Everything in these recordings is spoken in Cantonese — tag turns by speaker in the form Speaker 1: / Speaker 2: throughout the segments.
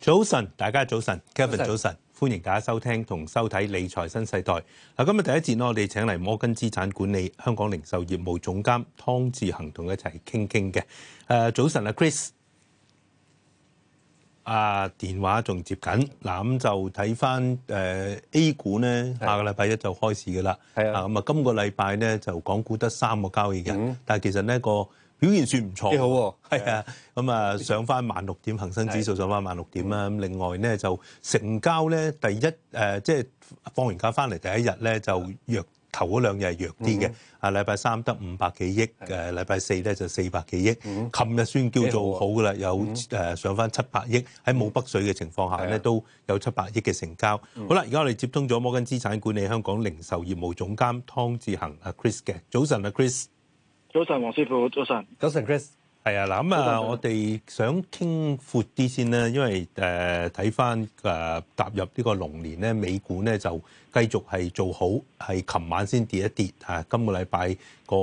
Speaker 1: 早晨，大家早晨，Kevin 早晨，的歡迎大家收聽同收睇理財新世代。嗱，今日第一節呢，我哋請嚟摩根資產管理香港零售業務總監湯志恒同佢一齊傾傾嘅。誒，早晨啊，Chris，啊，電話仲接緊。嗱、嗯，咁就睇返誒 A 股呢，的下個禮拜一就開市噶啦。係啊的。咁啊，今個禮拜呢，就港股得三個交易日，的嗯、但係其實呢個表現算唔錯，幾好喎！係啊，咁啊上翻萬六點，恆生指數上翻萬六點啦。咁另外咧就成交咧，第一誒即係放完假翻嚟第一日咧，就弱，頭嗰兩日係弱啲嘅。啊，禮拜三得五百幾億，誒禮拜四咧就四百幾億。琴日算叫做好噶啦，有誒上翻七百億，喺冇北水嘅情況下咧，都有七百億嘅成交。好啦，而家我哋接通咗摩根資產管理香港零售業務總監湯志恒啊 Chris 嘅，早晨啊 Chris。早晨，黃師傅。早晨，早晨，Chris。係啊，嗱，咁啊上，我哋想傾闊啲先啦，因為誒睇翻誒踏入呢個龍年咧，美股咧就繼續係做好，係琴晚先跌一跌啊，今個禮拜個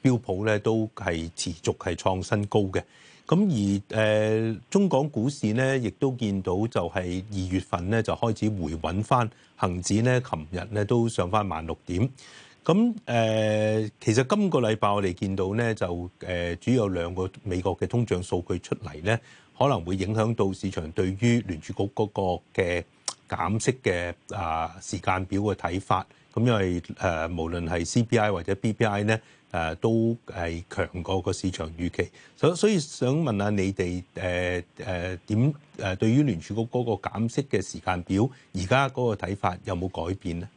Speaker 1: 標普咧都係持續係創新高嘅。咁而誒、呃、中港股市咧，亦都見到就係二月份咧就開始回穩翻，恒指咧琴日咧都上翻萬六點。咁誒，其實今個禮拜我哋見到咧，就誒主要有兩個美國嘅通脹數據出嚟咧，可能會影響到市場對於聯儲局嗰個嘅減息嘅啊時間表嘅睇法。咁因為誒，無論係 CPI 或者 PPI 咧，誒都係強過個市場預期。所所以想問下你哋誒誒點誒對於聯儲局嗰個減息嘅時間表，而家嗰個睇法有冇改變咧？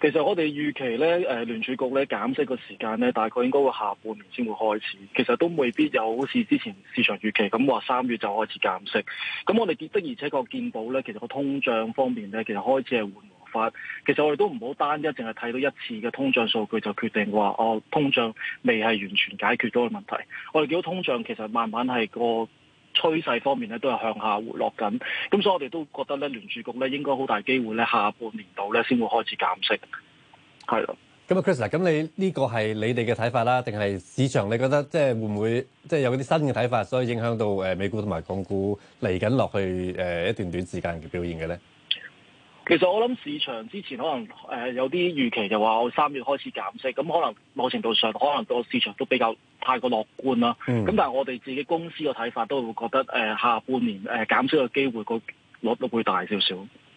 Speaker 2: 其實我哋預期咧，誒聯儲局咧減息嘅時間咧，大概應該會下半年先會開始。其實都未必有好似之前市場預期咁話三月就開始減息。咁我哋的而且確見到咧，其實個通脹方面咧，其實開始係緩和翻。其實我哋都唔好單一淨係睇到一次嘅通脹數據就決定話哦，通脹未係完全解決到嘅問題。我哋見到通脹其實慢慢係個趨勢方面咧都係向下回落緊，咁所以我哋都覺得咧聯儲局咧應該好大機會咧下半年度咧先會開始減息，
Speaker 3: 係咯。咁啊 Chris 咁你呢、呢個係你哋嘅睇法啦，定係市場你覺得即係會唔會即係有啲新嘅睇法，所以影響到誒美股同埋港股嚟緊落去誒、呃、一段短時間嘅表現嘅咧？
Speaker 2: 其實我諗市場之前可能誒、呃、有啲預期，就話我三月開始減息，咁可能某程度上可能個市場都比較太過樂觀啦。咁、嗯、但係我哋自己公司嘅睇法都會覺得誒、呃、下半年誒、呃、減息嘅機會個率都會大少少。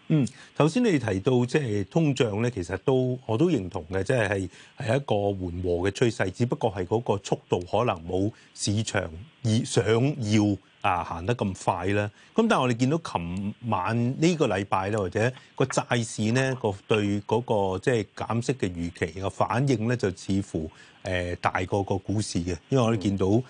Speaker 2: 嗯，
Speaker 1: 頭先你提到即係通脹咧，其實都我都認同嘅，即係係係一個緩和嘅趨勢，只不過係嗰個速度可能冇市場意想要。啊，行得咁快啦。咁但係我哋見到琴晚呢個禮拜咧，或者債個債市咧個對嗰個即係減息嘅預期嘅反應咧，就似乎誒大過個股市嘅，因為我哋見到誒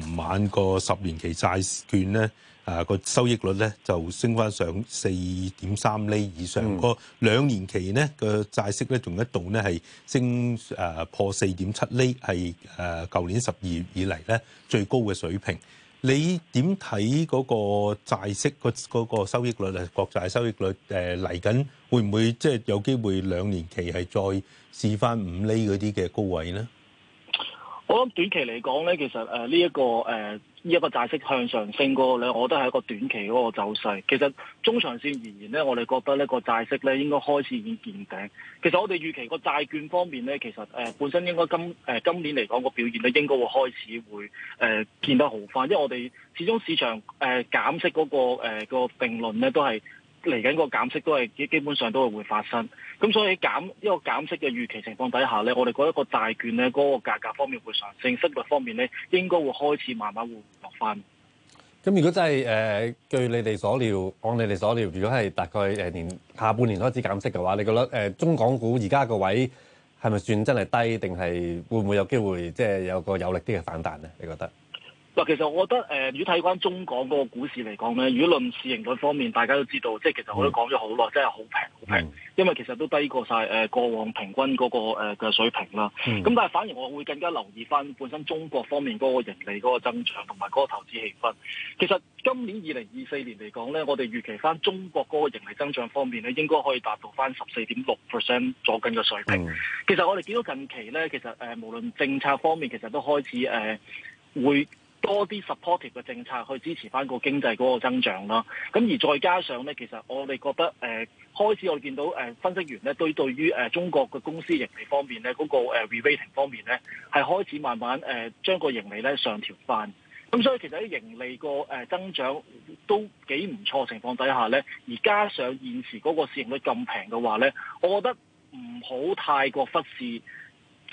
Speaker 1: 琴晚個十年期債券咧啊個收益率咧就升翻上四點三厘以上，個兩、嗯、年期咧個債息咧仲一度咧係升誒破四點七厘，係誒舊年十二月以嚟咧最高嘅水平。你點睇嗰個債息、嗰、嗰個收益率啊？國債收益率誒嚟緊會唔會即係、就是、有機會兩年期係再試翻五厘嗰啲嘅高位呢？
Speaker 2: 我諗短期嚟講咧，其實誒呢一個誒，呃呢一個債息向上升嗰個咧，我覺得係一個短期嗰個走勢。其實中長線而言咧，我哋覺得呢個債息咧應該開始已經見頂。其實我哋預期個債券方面咧，其實誒本身應該今誒今年嚟講個表現咧，應該會開始會誒見得好翻。因為我哋始終市場誒減息嗰個誒個定論咧，都係嚟緊個減息都係基基本上都係會發生。咁所以減，因為減息嘅預期情況底下咧，我哋覺得個債券咧嗰、那個價格方面會上升，息率方面咧應該會開始慢慢會落翻。
Speaker 3: 咁如果真係誒，據你哋所料，按你哋所料，如果係大概誒、呃、年下半年開始減息嘅話，你覺得誒、呃、中港股而家個位係咪算真係低，定係會唔會有機會即係、就是、有個有力啲嘅反彈咧？你覺得？
Speaker 2: 嗱，其實我覺得誒、呃，如果睇翻中港嗰個股市嚟講咧，如果論市盈率方面，大家都知道，即係其實我都講咗好耐，mm. 真係好平好平，mm. 因為其實都低過晒誒、呃、過往平均嗰、那個嘅、呃、水平啦。咁、mm. 但係反而我會更加留意翻本身中國方面嗰個盈利嗰個增長同埋嗰個投資氣氛。其實今年二零二四年嚟講咧，我哋預期翻中國嗰個盈利增長方面咧，應該可以達到翻十四點六 percent 左近嘅水平。Mm. 其實我哋見到近期咧，其實誒、呃、無論政策方面，其實都開始誒、呃、會。多啲 supportive 嘅政策去支持翻個經濟嗰個增長啦，咁而再加上咧，其實我哋覺得誒、呃、開始我見到誒、呃、分析員咧對對於誒中國嘅公司盈利方面咧嗰、那個誒、呃、re-rating 方面咧係開始慢慢誒將、呃、個盈利咧上調翻，咁所以其實喺盈利個誒、呃、增長都幾唔錯情況底下咧，而加上現時嗰個市盈率咁平嘅話咧，我覺得唔好太過忽視。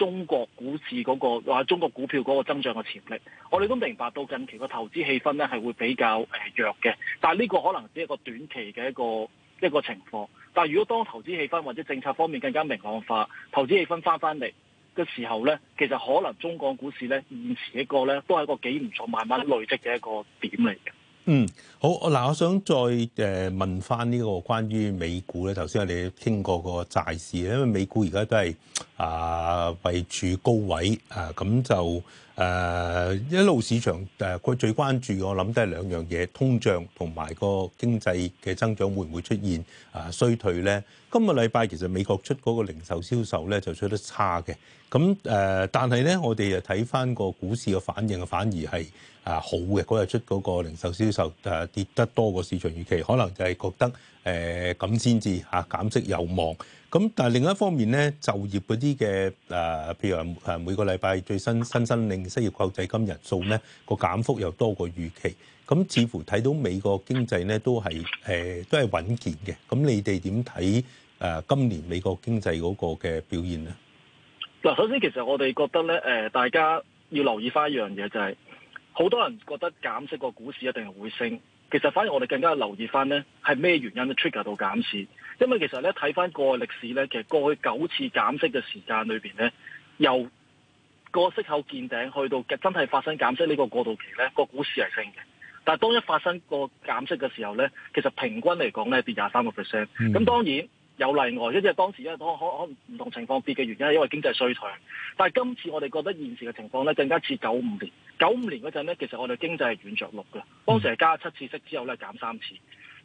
Speaker 2: 中國股市嗰個或者中國股票嗰個增長嘅潛力，我哋都明白到近期個投資氣氛咧係會比較誒弱嘅，但係呢個可能只係一個短期嘅一個一個情況。但係如果當投資氣氛或者政策方面更加明朗化，投資氣氛翻翻嚟嘅時候咧，其實可能中國股市咧現時一個咧都係一個幾唔錯慢慢累積嘅一個點嚟嘅。
Speaker 1: 嗯，好，嗱，我想再誒問翻呢個關於美股咧，頭先我哋傾過個債市，因為美股而家都係啊、呃、位處高位，啊、呃、咁就。誒、啊、一路市場誒，佢、啊、最關注我諗都係兩樣嘢，通脹同埋個經濟嘅增長會唔會出現啊衰退咧？今個禮拜其實美國出嗰個零售銷售咧就出得差嘅，咁誒、啊，但係咧我哋又睇翻個股市嘅反應，反而係啊好嘅，嗰日出嗰個零售銷售誒、啊、跌得多過市場預期，可能就係覺得誒咁先至嚇減息有望。咁但係另一方面咧，就業嗰啲嘅誒，譬如話誒每個禮拜最新新申領失業救濟金人數咧，個減幅又多過預期。咁似乎睇到美國經濟咧都係誒都係穩健嘅。咁你哋點睇誒今年美國經濟嗰個嘅表現咧？
Speaker 2: 嗱，首先其實我哋覺得咧，誒大家要留意翻一樣嘢，就係好多人覺得減息個股市一定係會升。其實反而我哋更加留意翻咧，係咩原因 trigger 到減息？因為其實咧睇翻過去歷史咧，其實過去九次減息嘅時間裏邊咧，由個息口見頂去到真係發生減息呢個過渡期咧，個股市係升嘅。但係當一發生個減息嘅時候咧，其實平均嚟講咧跌廿三個 percent。咁、嗯、當然有例外，因為當時因為可可唔同情況跌嘅原因係因為經濟衰退。但係今次我哋覺得現時嘅情況咧，更加似九五年。九五年嗰陣咧，其實我哋經濟係軟著陸㗎，當時係加七次息之後咧，減三次。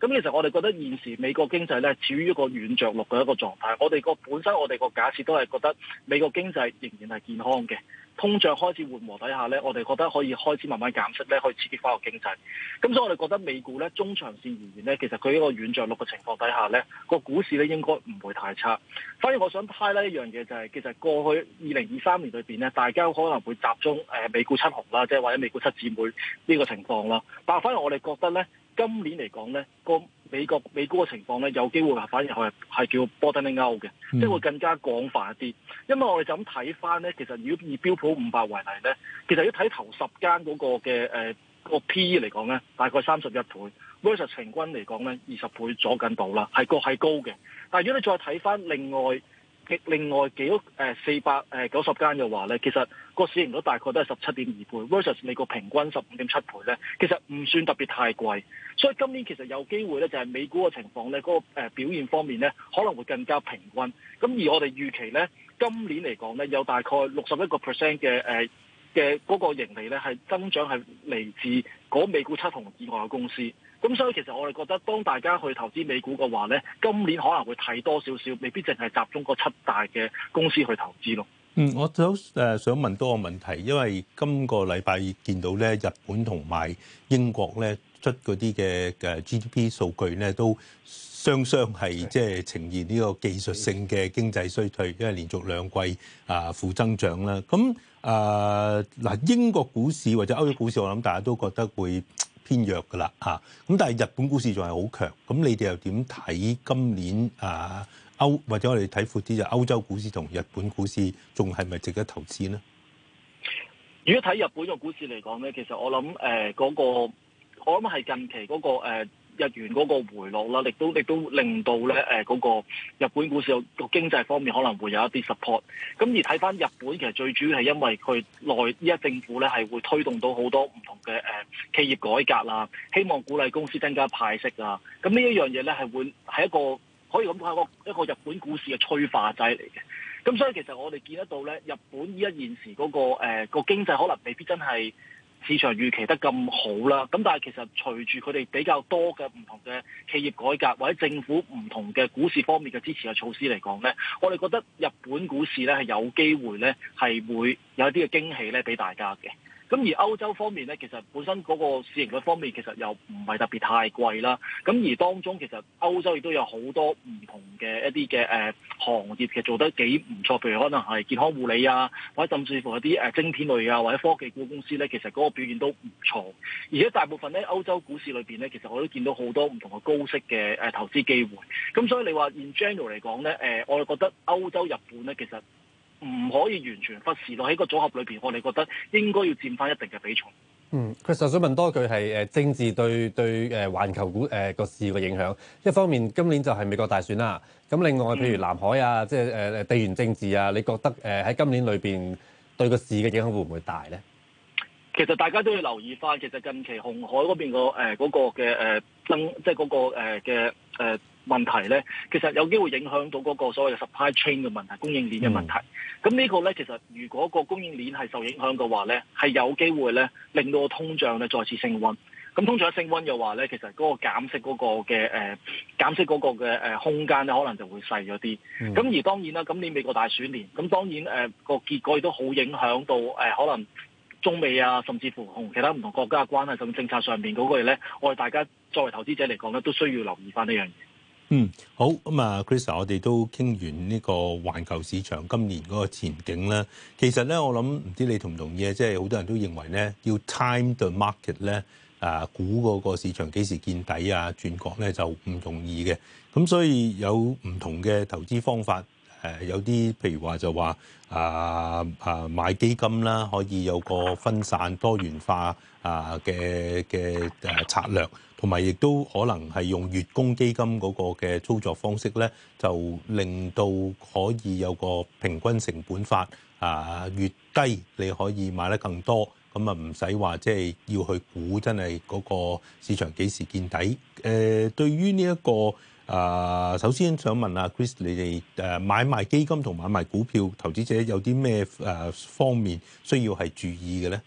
Speaker 2: 咁其實我哋覺得現時美國經濟咧處於一個軟着陸嘅一個狀態，我哋個本身我哋個假設都係覺得美國經濟仍然係健康嘅，通脹開始緩和底下咧，我哋覺得可以開始慢慢減息咧，可以刺激翻個經濟。咁所以我哋覺得美股咧中長線而言咧，其實佢呢個軟着陸嘅情況底下咧，個股市咧應該唔會太差。反而我想派呢一樣嘢就係、是、其實過去二零二三年裏邊咧，大家可能會集中誒美股七雄啦，即係或者美股七姊妹呢個情況啦。但係反而我哋覺得咧。今年嚟講咧，個美國美股嘅情況咧，有機會反而係係叫 broadening out 嘅，嗯、即係會更加廣泛一啲。因為我哋就咁睇翻咧，其實如果以標普五百為例咧，其實要睇頭十間嗰個嘅誒、呃、那個 PE 嚟講咧，大概三十一倍 versus 平均嚟講咧二十倍左近度啦，係個係高嘅。但係如果你再睇翻另外。另外幾誒、呃、四百誒、呃、九十間嘅話咧，其實個市盈率大概都係十七點二倍，versus 美國平均十五點七倍咧，其實唔算特別太貴，所以今年其實有機會咧，就係、是、美股嘅情況咧，嗰、那個、呃、表現方面咧，可能會更加平均。咁而我哋預期咧，今年嚟講咧，有大概六十一個 percent 嘅誒。嘅嗰個盈利咧，係增長係嚟自嗰美股七雄以外嘅公司，咁所以其實我哋覺得，當大家去投資美股嘅話咧，今年可能會睇多少少，未必淨係集中個七大嘅公司去投資咯。嗯，
Speaker 1: 我就誒、呃、想問多個問題，因為今個禮拜見到咧日本同埋英國咧出嗰啲嘅誒 GDP 數據咧都。雙雙係即係呈現呢個技術性嘅經濟衰退，因為連續兩季啊負增長啦。咁啊嗱，英國股市或者歐洲股市，我諗大家都覺得會偏弱噶啦嚇。咁、啊、但係日本股市仲係好強。咁你哋又點睇今年啊、呃、歐或者我哋睇闊啲就歐洲股市同日本股市仲係咪值得投資呢？如果睇
Speaker 2: 日本嘅股市嚟講咧，其實我諗誒嗰個，我諗係近期嗰、嗰個、呃日元嗰個回落啦，亦都亦都令到咧誒嗰個日本股市個經濟方面可能會有一啲 support。咁而睇翻日本，其實最主要係因為佢內依家政府咧係會推動到好多唔同嘅誒、呃、企業改革啦，希望鼓勵公司增加派息啊。咁呢一樣嘢咧係會係一個可以咁講一個一個日本股市嘅催化劑嚟嘅。咁所以其實我哋見得到咧，日本依家現時嗰、嗰個誒、呃嗰個經濟可能未必真係市場預期得咁好啦，咁但係其實隨住佢哋比較多嘅唔同嘅企業改革，或者政府唔同嘅股市方面嘅支持嘅措施嚟講，呢我哋覺得日本股市呢係有機會呢係會有一啲嘅驚喜呢俾大家嘅。咁而歐洲方面咧，其實本身嗰個市盈率方面其實又唔係特別太貴啦。咁而當中其實歐洲亦都有好多唔同嘅一啲嘅誒行業，其實做得幾唔錯。譬如可能係健康護理啊，或者甚至乎一啲誒晶片類啊，或者科技股公司咧，其實嗰個表現都唔錯。而且大部分咧歐洲股市裏邊咧，其實我都見到好多唔同嘅高息嘅誒投資機會。咁所以你話 in general 嚟講咧，誒我覺得歐洲日本咧其實。唔可以完全忽視到喺個組合裏邊，我哋覺得應該要佔翻一定嘅比重。嗯，
Speaker 3: 其實想問多句係誒政治對對誒、呃、環球股誒個、呃、市嘅影響。一方面，今年就係美國大選啦。咁另外，譬如南海啊，即係誒地緣政治啊，你覺得誒喺、呃、今年裏邊對個市嘅影響會唔會大
Speaker 2: 咧？其實大家都要留意翻，其實近期紅海嗰邊、呃那個誒嗰個嘅誒增，即係嗰、那個嘅誒。呃呃問題咧，其實有機會影響到嗰個所謂嘅 supply chain 嘅問題、供應鏈嘅問題。咁、嗯、呢個咧，其實如果個供應鏈係受影響嘅話咧，係有機會咧令到個通脹咧再次升溫。咁通脹一升溫嘅話咧，其實嗰個減息嗰個嘅誒減息嗰個嘅誒空間咧，可能就會細咗啲。咁、嗯、而當然啦，今年美國大選年，咁當然誒個、呃、結果亦都好影響到誒、呃、可能中美啊，甚至乎同其他唔同國家嘅關係，咁政策上邊嗰個嘢咧，我哋大家作為投資者嚟講咧，都需要留意翻呢樣嘢。
Speaker 1: 嗯，好咁啊 Chris 我哋都傾完呢個環球市場今年嗰個前景啦。其實咧，我諗唔知你同唔同意啊，即係好多人都認為咧，要 time the market 咧，啊，估嗰個市場幾時見底啊、轉角咧，就唔容易嘅。咁所以有唔同嘅投資方法，誒、啊，有啲譬如話就話啊啊，啊買基金啦、啊，可以有個分散多元化啊嘅嘅誒策略。同埋亦都可能係用月供基金嗰個嘅操作方式咧，就令到可以有個平均成本法啊，越低你可以買得更多，咁啊唔使話，即係要去估真係嗰個市場幾時見底。誒、呃。對於呢一個啊，首先想問啊，Chris，你哋誒買賣基金同買賣股票，投資者有啲咩誒方面需要係注意嘅咧？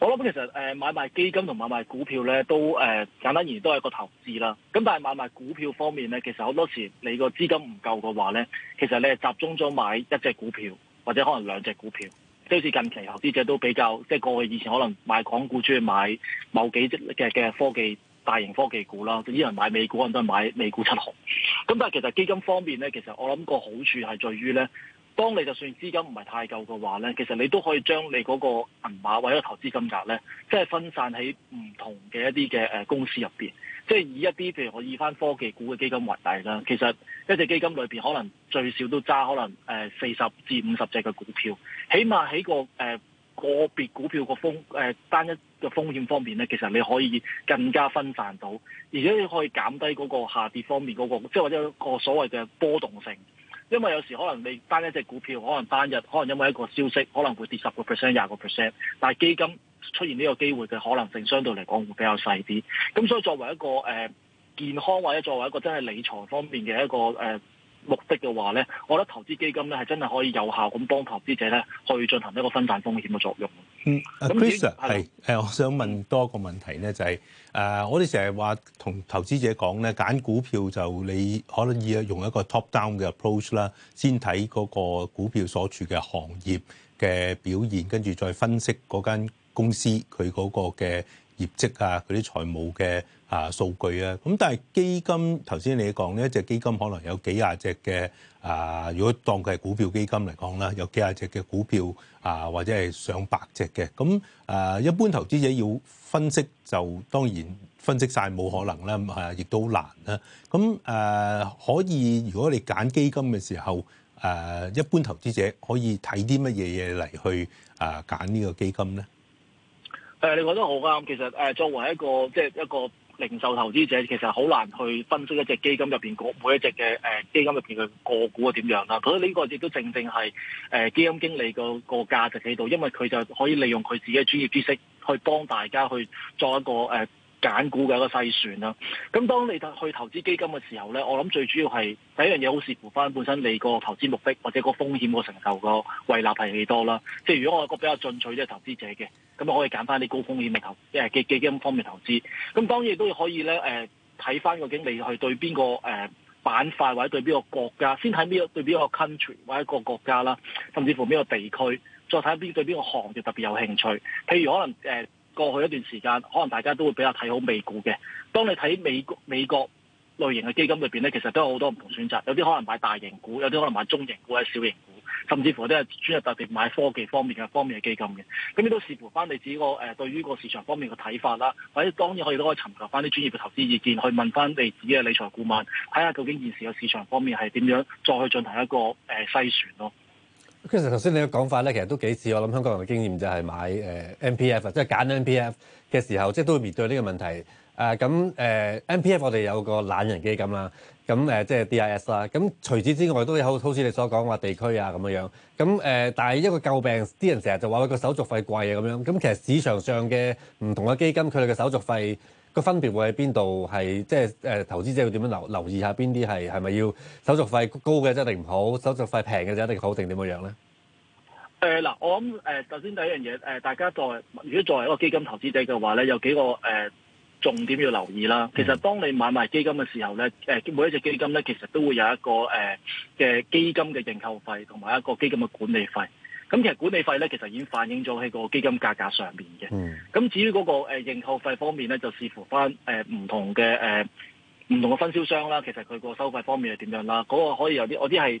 Speaker 2: 我諗其實誒買賣基金同買賣股票咧，都誒、呃、簡單而言都係一個投資啦。咁但係買賣股票方面咧，其實好多時你個資金唔夠嘅話咧，其實你係集中咗買一隻股票或者可能兩隻股票，即係好似近期投資者都比較即係過去以前可能買港股出去買某幾隻嘅嘅科技大型科技股啦，啲人買美股，可能都係買美股七雄。咁但係其實基金方面咧，其實我諗個好處係在於咧。當你就算資金唔係太夠嘅話咧，其實你都可以將你嗰個銀碼或者投資金額咧，即係分散喺唔同嘅一啲嘅誒公司入邊，即係以一啲譬如我以翻科技股嘅基金為例啦，其實一隻基金裏邊可能最少都揸可能誒四十至五十隻嘅股票，起碼喺個誒個別股票個風誒單一嘅風險方面咧，其實你可以更加分散到，而且你可以減低嗰個下跌方面嗰個即係或者個所謂嘅波動性。因為有時可能你單一隻股票可能單日，可能因為一個消息可能會跌十個 percent、廿個 percent，但係基金出現呢個機會嘅可能性相對嚟講會比較細啲。咁所以作為一個誒、呃、健康或者作為一個真係理財方面嘅一個誒、呃、目的嘅話呢，我覺得投資基金呢係真係可以有效咁幫投資者呢去進行一個分散風險嘅作用。
Speaker 1: Chris，嗯，阿、嗯、Chris sir 是吧，我想問多個問題咧、就係，就係誒，我哋成日話同投資者講咧，揀股票就你可能要用一個 top down 嘅 approach 啦，先睇嗰個股票所處嘅行業嘅表現，跟住再分析嗰間公司佢嗰個嘅業績啊，嗰啲財務嘅。啊數據啊，咁但係基金，頭先你講呢一隻基金可能有幾廿隻嘅啊。如果當佢係股票基金嚟講啦，有幾廿隻嘅股票啊、呃，或者係上百隻嘅。咁、呃、啊，一般投資者要分析就當然分析晒冇可能啦，啊、呃，亦都好難啦。咁、呃、誒可以，如果你揀基金嘅時候，誒、呃、一般投資者可以睇啲乜嘢嘢嚟去啊揀呢個基金咧？誒，你覺得好啱。其實誒，
Speaker 2: 作為一個即係、即係、一個。零售投資者其實好難去分析一隻基金入邊個每一隻嘅誒基金入邊嘅個股係點樣啦，咁呢個亦都正正係誒、呃、基金經理個個價值喺度，因為佢就可以利用佢自己嘅專業知識去幫大家去做一個誒。呃揀股嘅一個篩選啦，咁當你去投資基金嘅時候呢，我諗最主要係第一樣嘢好視乎翻本身你個投資目的或者個風險個承受個韋納係幾多啦。即係如果我係個比較進取啲嘅投資者嘅，咁可以揀翻啲高風險嘅投，即係嘅基金方面投資。咁當然亦都可以呢，誒睇翻究竟你去對邊個誒板塊或者對邊個國家，先睇邊個對邊個 country 或者個國家啦，甚至乎邊個地區，再睇邊對邊個行業特別有興趣。譬如可能誒。呃過去一段時間，可能大家都會比較睇好美股嘅。當你睇美國美國類型嘅基金裏邊呢，其實都有好多唔同選擇，有啲可能買大型股，有啲可能買中型股或者小型股，甚至乎都係專業特別買科技方面嘅方面嘅基金嘅。咁呢都視乎翻你自己個誒對於個市場方面嘅睇法啦，或者當然可以都可以尋求翻啲專業嘅投資意見，去問翻你自己嘅理財顧問，睇下究竟現時嘅市場方面係點樣，再去進行一個誒篩選咯。
Speaker 3: 其實頭先你嘅講法咧，其實都幾似我諗香港人嘅經驗，就、呃、係買誒 M P F 或者係揀 M P F 嘅時候，即係都會面對呢個問題。誒、呃、咁誒、呃、M P F 我哋有個懶人基金啦，咁、啊、誒、呃、即係 D I S 啦、啊。咁除此之外都有，都好好似你所講話地區啊咁樣。咁、啊、誒，但係一個詬病，啲人成日就話佢個手續費貴啊咁樣。咁、啊、其實市場上嘅唔同嘅基金，佢哋嘅手續費，個分別會喺邊度？係即係誒投資者要點樣留留意下邊啲係係咪要手續費高嘅，一定唔好；手續費平嘅就一定好定點樣樣
Speaker 2: 咧？誒嗱、呃，我諗誒，首、呃、先第一樣嘢誒，大家作為如果作為一個基金投資者嘅話咧，有幾個誒、呃、重點要留意啦。其實當你買賣基金嘅時候咧，誒、呃、每一隻基金咧，其實都會有一個誒嘅、呃、基金嘅認購費同埋一個基金嘅管理費。咁其實管理費咧，其實已經反映咗喺個基金價格上面嘅。咁、嗯、至於嗰、嗰個誒、呃、認購費方面咧，就視乎翻誒唔同嘅誒唔同嘅分銷商啦。其實佢個收費方面係點樣啦？嗰、嗰個可以有啲，我啲係。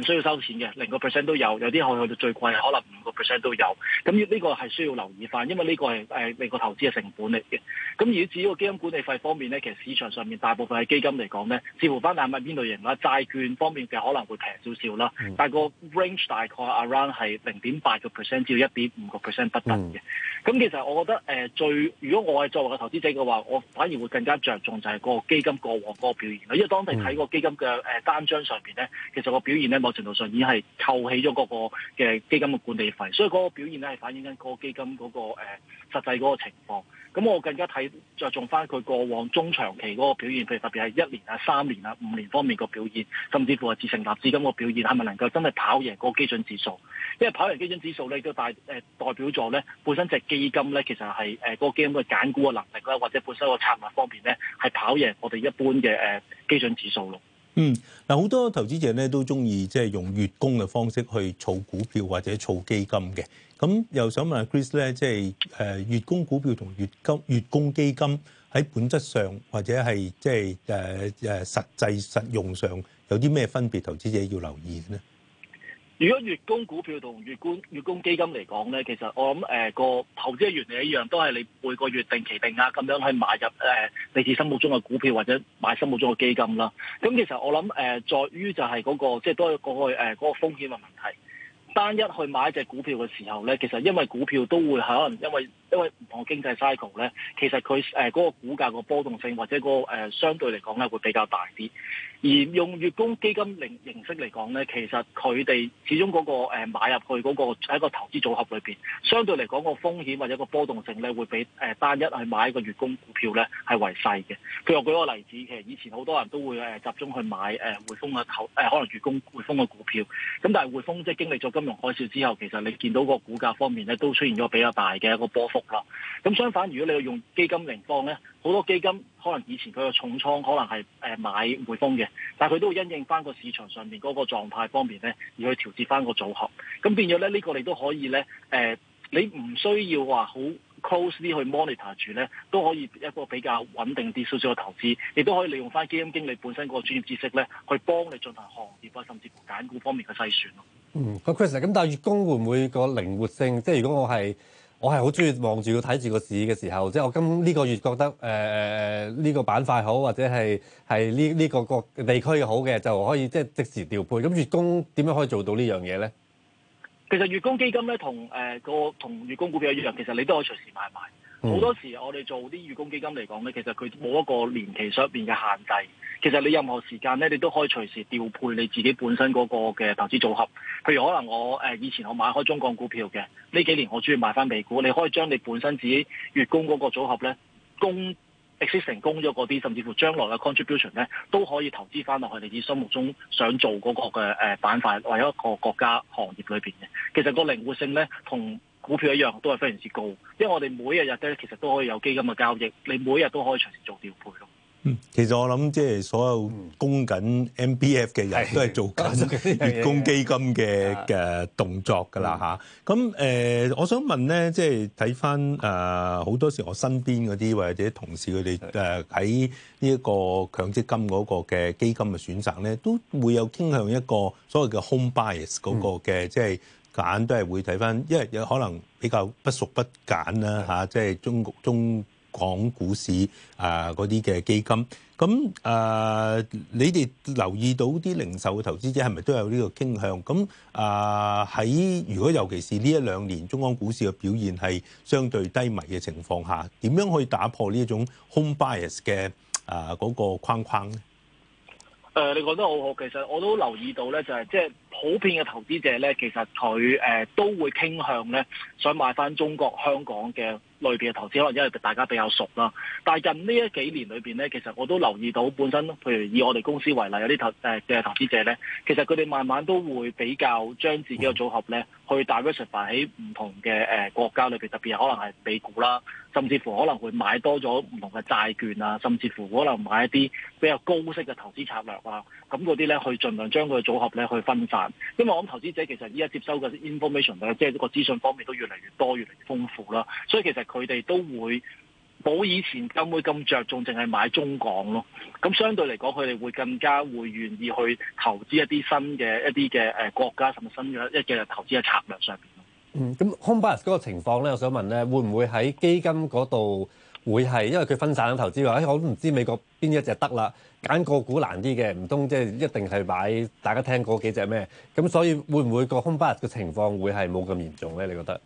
Speaker 2: 唔需要收錢嘅，零個 percent 都有，有啲可去到最貴，可能五個 percent 都有。咁、這、呢個係需要留意翻，因為呢個係誒每個投資嘅成本嚟嘅。咁而至於個基金管理費方面咧，其實市場上面大部分嘅基金嚟講咧，視乎翻係買邊類型啦。債券方面嘅可能會平少少啦，嗯、但個 range 大概 around 係零點八個 percent 至到一點五個 percent 不等嘅。咁、嗯、其實我覺得誒最，如果我係作為個投資者嘅話，我反而會更加着重就係個基金過往嗰個表現。因為當你睇個基金嘅誒單張上邊咧，其實個表現咧。某程度上已經係扣起咗嗰個嘅基金嘅管理費，所以嗰個表現咧係反映緊嗰個基金嗰、嗰個誒、呃、實際嗰個情況。咁我更加睇着重翻佢過往中長期嗰個表現，譬如特別係一年啊、三年啊、五年方面個表現，甚至乎係自成立至今個表現，係咪能夠真係跑贏個基準指數？因為跑贏基準指數咧都帶誒、呃、代表咗咧本身隻基金咧其實係誒個基金嘅揀股嘅能力啦，或者本身個策略方面咧係跑贏我哋一般嘅誒、呃、基準指數咯。
Speaker 1: 嗯，嗱，好多投資者咧都鍾意即係用月供嘅方式去儲股票或者儲基金嘅。咁又想問下 Chris 咧，即係誒月供股票同月金月供基金喺本質上或者係即係誒誒實際實用上有啲咩分別，投資者
Speaker 2: 要留意咧？如果月供股票同月供月供基金嚟講呢，其實我諗誒個投資原理一樣，都係你每個月定期定額咁樣去買入誒，你、呃、自心目中嘅股票或者買心目中嘅基金啦。咁、嗯、其實我諗誒、呃，在於就係嗰、那個即係都係過去誒、呃那個風險嘅問題，單一去買一隻股票嘅時候呢，其實因為股票都會可能因為。因為唔同嘅經濟 cycle 咧，其實佢誒嗰個股價個波動性或者個誒相對嚟講咧會比較大啲。而用月供基金型形式嚟講咧，其實佢哋始終嗰個誒買入去嗰、嗰個喺一個投資組合裏邊，相對嚟講個風險或者個波動性咧會比誒單一去買一個月供股票咧係為細嘅。譬如我舉個例子，其實以前好多人都會誒集中去買誒匯豐嘅投誒可能月供匯豐嘅股票，咁但係匯豐即係經歷咗金融海嘯之後，其實你見到個股價方面咧都出現咗比較大嘅一個波幅。啦，咁相反，如果你用基金零放咧，好多基金可能以前佢嘅重倉可能係誒、呃、買匯豐嘅，但係佢都會因應翻個市場上面嗰個狀態方面咧，而去調節翻個組合，咁變咗咧呢、這個你都可以咧，誒、呃，你唔需要話好 close 啲去 monitor 住咧，都可以一個比較穩定啲少少嘅投資，亦都可以利用翻基金經理本身嗰個專業知識咧，去幫你進行行業啊，甚至乎揀股方面嘅篩選咯。嗯，
Speaker 3: 咁 k r 咁但係月供會唔會個靈活性？即係如果我係。我係好中意望住個睇住個市嘅時候，即係我今呢、這個月覺得誒呢、呃這個板塊好，或者係係呢呢個、這個地區好嘅，就可以即係即，即，即，即，即時調配。咁月供點樣可以做到呢樣嘢咧？
Speaker 2: 其實月供基金咧，同誒個同月供股票一樣，其實你都可以隨時買賣。好、嗯、多時我哋做啲月供基金嚟講咧，其實佢冇一個年期上邊嘅限制。其實你任何時間咧，你都可以隨時調配你自己本身嗰個嘅投資組合。譬如可能我誒以前我買開中港股票嘅，呢幾年我中意買翻美股。你可以將你本身自己月供嗰個組合咧，供 existing 供咗嗰啲，甚至乎將來嘅 contribution 咧都可以投資翻落去你自己心目中想做嗰個嘅誒板塊，或者一個國家行業裏邊嘅。其實個靈活性咧，同股票一樣都係非常之高，因為我哋每一日咧其實都可以有基金嘅交易，你每日都可以隨時做調配。
Speaker 1: 嗯，其實我諗即係所有供緊 MPF 嘅人都係做
Speaker 2: 緊月供基金嘅嘅
Speaker 1: 動作噶啦嚇。咁誒，我想問咧，即係睇翻誒好多時我身邊嗰啲或者同事佢哋誒喺呢一個強積金嗰個嘅基金嘅選擇咧，都會有傾向一個所謂嘅 home bias 嗰個嘅，即係揀都係會睇翻，因為有可能比較不熟不揀啦嚇，即係中國中。講股市啊，嗰啲嘅基金咁啊、呃，你哋留意到啲零售嘅投資者係咪都有呢個傾向？咁啊喺如果尤其是呢一兩年中港股市嘅表現係相對低迷嘅情況下，點樣可以打破呢一種 home bias 嘅啊嗰個框框咧？
Speaker 2: 誒、呃，你覺得好。好，其實我都留意到咧，就係即係普遍嘅投資者咧，其實佢誒都會傾向咧，想買翻中國香港嘅。類別嘅投資可能因為大家比較熟啦。但係近呢一幾年裏邊咧，其實我都留意到，本身譬如以我哋公司為例，有啲投誒嘅、呃、投資者咧，其實佢哋慢慢都會比較將自己嘅組合咧，去 diversify 喺唔同嘅誒、呃、國家裏邊，特別可能係美股啦，甚至乎可能會買多咗唔同嘅債券啊，甚至乎可能買一啲比較高息嘅投資策略啊，咁嗰啲咧去儘量將佢嘅組合咧去分散。因為我諗投資者其實依家接收嘅 information 即係、就是、個資訊方面都越嚟越多、越嚟越豐富啦，所以其實。佢哋都會冇以前咁會咁着重，淨係買中港咯。咁相對嚟講，佢哋會更加會願意去投資一啲新嘅一啲嘅誒國家，甚至新嘅一嘅投資嘅策略上邊。嗯，
Speaker 3: 咁 home bias 嗰個情況咧，我想問咧，會唔會喺基金嗰度會係因為佢分散咗投資啊？誒、哎，我都唔知美國邊一隻得啦，揀個股難啲嘅，唔通即係一定係買大家聽過幾隻咩？咁所以會唔會個 home bias 嘅情況會係冇咁嚴重咧？你覺得？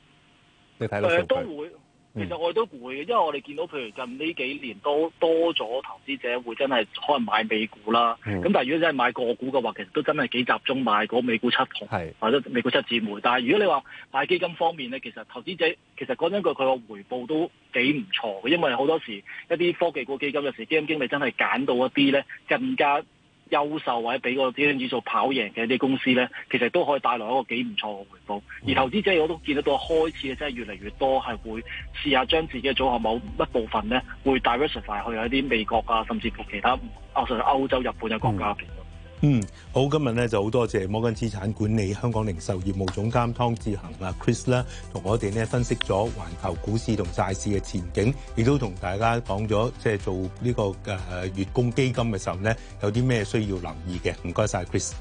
Speaker 3: 你睇
Speaker 2: 到誒，都會。嗯、其實我哋都攰嘅，因為我哋見到譬如近呢幾年都多咗投資者會真係可能買美股啦，咁、嗯、但係如果真係買個股嘅話，其實都真係幾集中買嗰美股七雄，或者是、啊、美股七姊妹。但係如果你話買基金方面咧，其實投資者其實講真句，佢個回報都幾唔錯嘅，因為好多時一啲科技股基金有時基金經理真係揀到一啲咧更加。優秀或者俾個恆生指數跑贏嘅一啲公司咧，其實都可以帶來一個幾唔錯嘅回報。而投資者我都見得到開始嘅真係越嚟越多係會試下將自己嘅組合某一部分咧會 diversify 去一啲美國啊，甚至乎其他亞、甚至歐洲、日本嘅國家。嗯。
Speaker 1: 嗯，好，今日咧就好多謝摩根資產管理香港零售業務總監湯志恒啊 Chris 啦，同我哋咧分析咗環球股市同債市嘅前景，亦都同大家講咗即係做呢、這個誒、呃、月供基金嘅時候咧，有啲咩需要留意嘅。唔該晒 Chris。